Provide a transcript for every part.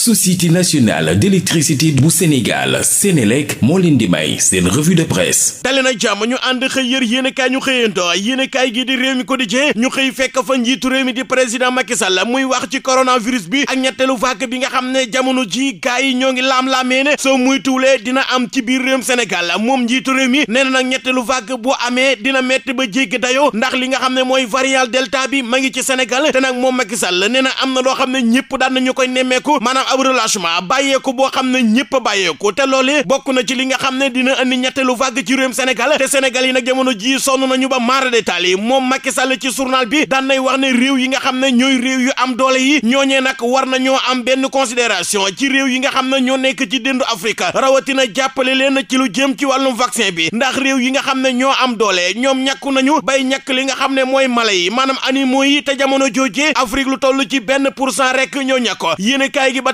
société nationale d'électricité bu Sénégal Sénélec moo leen di may seen revue de presse dali na jàmm ñu ànd xëy yër yéenekaay ñu xëyantoo yéenekaay gi di réew mi quotidien ñu xëy fekk fa njiitu réew mi di président Macky Sall muy wax ci coronavirus bi ak ñetteelu vague bi nga xam ne jamono ji gaay yi ñoo ngi laam-laamee ne soo muy tuulee dina am ci biir réewum Sénégal moom njiitu réew mi nee na nag ñetteelu vague boo amee dina metti ba jéggi dayo ndax li nga xam ne mooy variant delta bi ma ngi ci Sénégal nag moom Macky Sall nee na am na loo xam ne ñëpp daan nañu koy nemmeeku maanaam aw relâchement bàyyeeku boo xam ne ñëpp a bàyyeeku te loole bokk na ci li nga xam ne dina andi ñetteelu vague ci réewum Sénégal te Sénégal yi nag jamono ji sonn nañu ba maara détaal yi moom Macky Sall ci journal bi daan nay wax ne réew yi nga xam ne ñooy réew yu am doole yi ñooñee nag war nañoo am benn considération ci réew yi nga xam ne ñoo nekk ci déndu Afrique rawatina jàppale leen ci lu jëm ci wàllum vaccin bi ndax réew yi nga xam ne ñoo am doole ñoom ñàkku nañu bay ñàkk li nga xam ne mooy mala yi maanaam animaux yi te jamono joojee Afrique lu toll ci benn pour cent rek ñoo ñàkko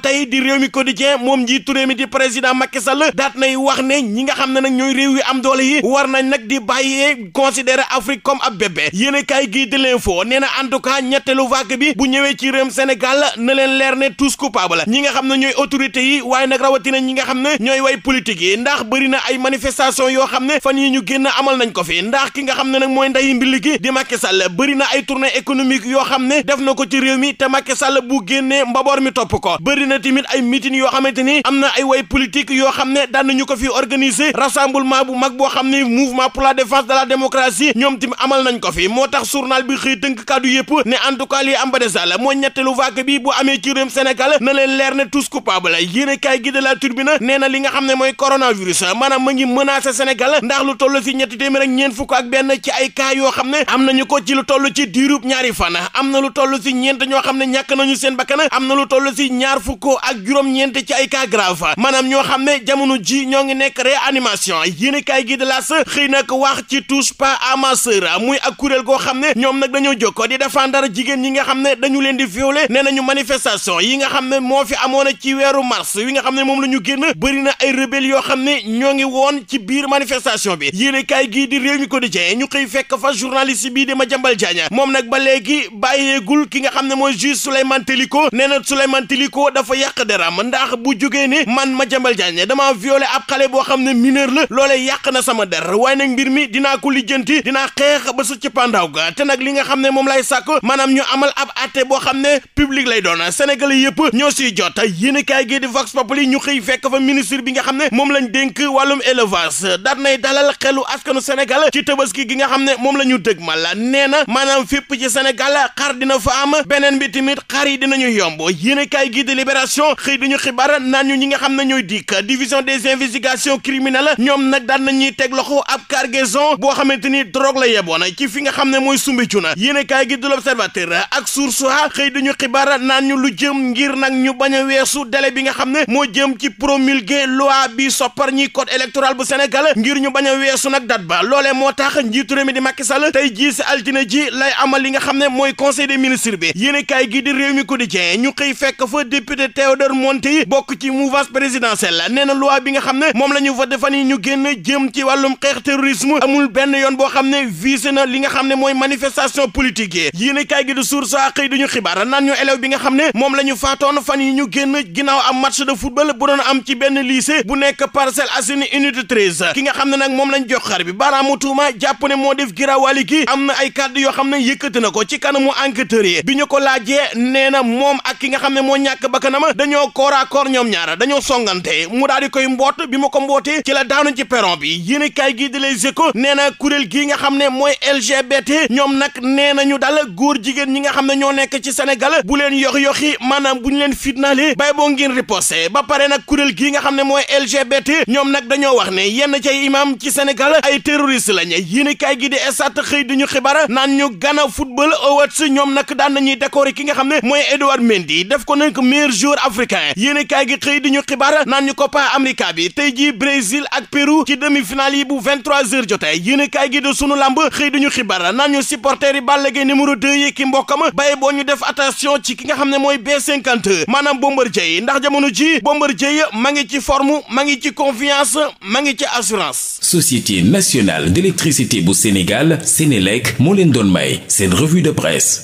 tey di réew mi quotidien moom njiitu réew mi di président Macky Sall daat nay wax ne ñi nga xam ne nag ñooy réew yi am doole yi war nañ nag di bàyyee considérer Afrique comme ab bébé yéen a kaay gii di l'info nee na en tout cas ñetteelu vague bi bu ñëwee ci réewum Sénégal na leen leer ne tous coupable ñi nga xam ne ñooy autorités yi waaye nag rawatina ñi nga xam ne ñooy way politique yi ndax bëri na ay manifestation yoo xam ne fan yi ñu génn amal nañ ko fi ndax ki nga xam ne nag mooy ndayi mbili di Macky Sall bëri na ay tournée économique yoo xam ne def na ko ci réew mi te Sall bu génnee mbaboor mi topp ko bëri na na tamit ay meeting yoo xamante ni am na ay yoo xam ne daan nañu ko fi organiser rassemblement bu mag boo xam ne mouvement pour la défense de la démocratie ñoom tamit amal nañ ko fi moo tax journal bi xëy tënk kàddu yëpp ne en tout ba lii am ba desal moo ñetteelu vague bi bu amee ci réewum Sénégal na leen leer ne tous coupable yéene kaay gi de la Tribune nee na li nga xam ne mooy coronavirus maanaam ma ngi menacer Sénégal ndax lu toll si ñetti téeméer ak ñeent fukk ak benn ci ay cas yoo xam am nañu ko ci lu toll ci diirub ñaari fan am na lu toll si ñeent ñoo xam ne ñàkk nañu seen bakkan am na lu toll si ñaar fukk fukk ak juróom-ñeent ci ay cas grave maanaam ñoo xam ne jamono ji ñoo ngi nekk réanimation yéenekaay gi de L'As xëy nag wax ci touche pas à ma sœur muy ak kuréel goo xam ne ñoom nag dañoo jokkoo di défendre jigéen ñi nga xam ne dañu leen di violer nee nañu manifestation yi nga xam ne moo fi amoon ci weeru mars yi nga xam ne moom la ñu génn bëri na ay rebelle yoo xam ne ñoo ngi woon ci biir manifestation bi yéenekaay gii di Rewmi Quotidien ñu xëy fekk fa journaliste bii di Madiambal Diagne moom nag nga xam ne mooy juge Souleymane Teliko dafa yàq deram ndax bu jógee ne man Madiambal Diagne dama violé ab xale boo xam ne mineur la loolee yàq na sama der waaye nag mbir mi dinaa ko lijjanti dinaa xeex ba su ci pandaw ga te nag li nga xam ne moom lay sàkk maanaam ñu amal ab atte boo xam ne public lay doon sénégalais yëpp ñoo si jot yéen a kaay gi di Vox Populi ñu xëy fekk fa ministre bi nga xam ne moom lañ dénk wàllum élevage daan nay dalal xelu askanu Sénégal ci ki gi nga xam ne moom la ñu dëgmal nee na maanaam fépp ci Sénégal xar dina fa am beneen bi tamit yi dinañu yomb yéen libération xëy dañu xibaar naan ñu ñi nga xam ne ñooy dikk division des investigations criminelles ñoom nag daan nañuy teg loxo ab cargaison boo xamante ni drogue la yeboon ci fi nga xam ne mooy Soumbédioune na a kaay gi du l'observateur ak source a xëy dañu xibaar naa ñu lu jëm ngir nag ñu bañ a weesu dele bi nga xam ne moo jëm ci promulguer loi bi soppar ñi code électoral bu Sénégal ngir ñu bañ a weesu nag date ba loole moo tax njiitu réew mi di Macky Sall tey jii s altine ji lay amal li nga xam ne mooy conseil des ministres bi yéen a kaay gi di réew mi quotidien ñu xëy fekk fa député Théodore Monteil bokk ci mouvance présidentielle nee na loi bi nga xam ne moom la ñu voté fan yi ñu génn jëm ci wàllum xeex terrorisme amul benn yoon boo xam ne visé na li nga xam ne mooy manifestation politique yi yéen kaay gi du source a xëy duñu xibaar naan ñu élève bi nga xam ne moom la ñu faatoon fan yi ñu génn ginnaaw am match de football bu doon am ci benn lycée bu nekk Parcelles Assainies unité 13 ki nga xam ne nag moom lañ jox xar bi baaraamu tuuma jàpp ne moo def giraawali gi am na ay kàddu yoo xam ne yëkkati na ko ci kanamu enquêteurs yi bi ñu ko laajee nee na moom ak ki nga xam ne moo ñàkk bakkan maanaam dañoo kooraakoor ñoom ñaara dañoo songante mu daal di koy mboot bi ma ko mbootee ci la daanu ci perron bi yéen kaay gi di Les Échos kuréel gii nga xam ne mooy LGBT ñoom nag nee nañu dal góor jigéen ñi nga xam ne ñoo nekk ci senegal bu leen yox yoxi maanaam bu ñu leen fitnaale bay boo ngeen riposté ba pare nag kuréel gii nga xam ne mooy LGBT ñoom nag dañoo wax ne yenn ci imam ci Sénégal ay terroriste lañu yéen kaay gi di Stades xëy di ñu xibaar naan ñu Ghana Football Awards ñoom nag daan nañuy décorer ki nga xam ne mooy Edouard Mendy def ko nag jour africain yéen i kaay gi xëy di ñu xibaar naan ñu Copa America bi tey jii Brésil ak Pérou ci demi-finale yi bu 23h jotee yéen i kaay gi de sunu lamb xëy di ñu xibaar naan ñu supporter yi Balla Gaye numéro 2 yi ki mbokkam baye boo ñu def attention ci ki nga xam ne mooy B52 maanaam Bombardier ndax jamono ji Bombardier ma ngi ci forme ma ngi ci confiance ma ngi ci assurance. Société nationale d'électricité bu Sénégal Sénélec moo leen doon may seen revue de presse.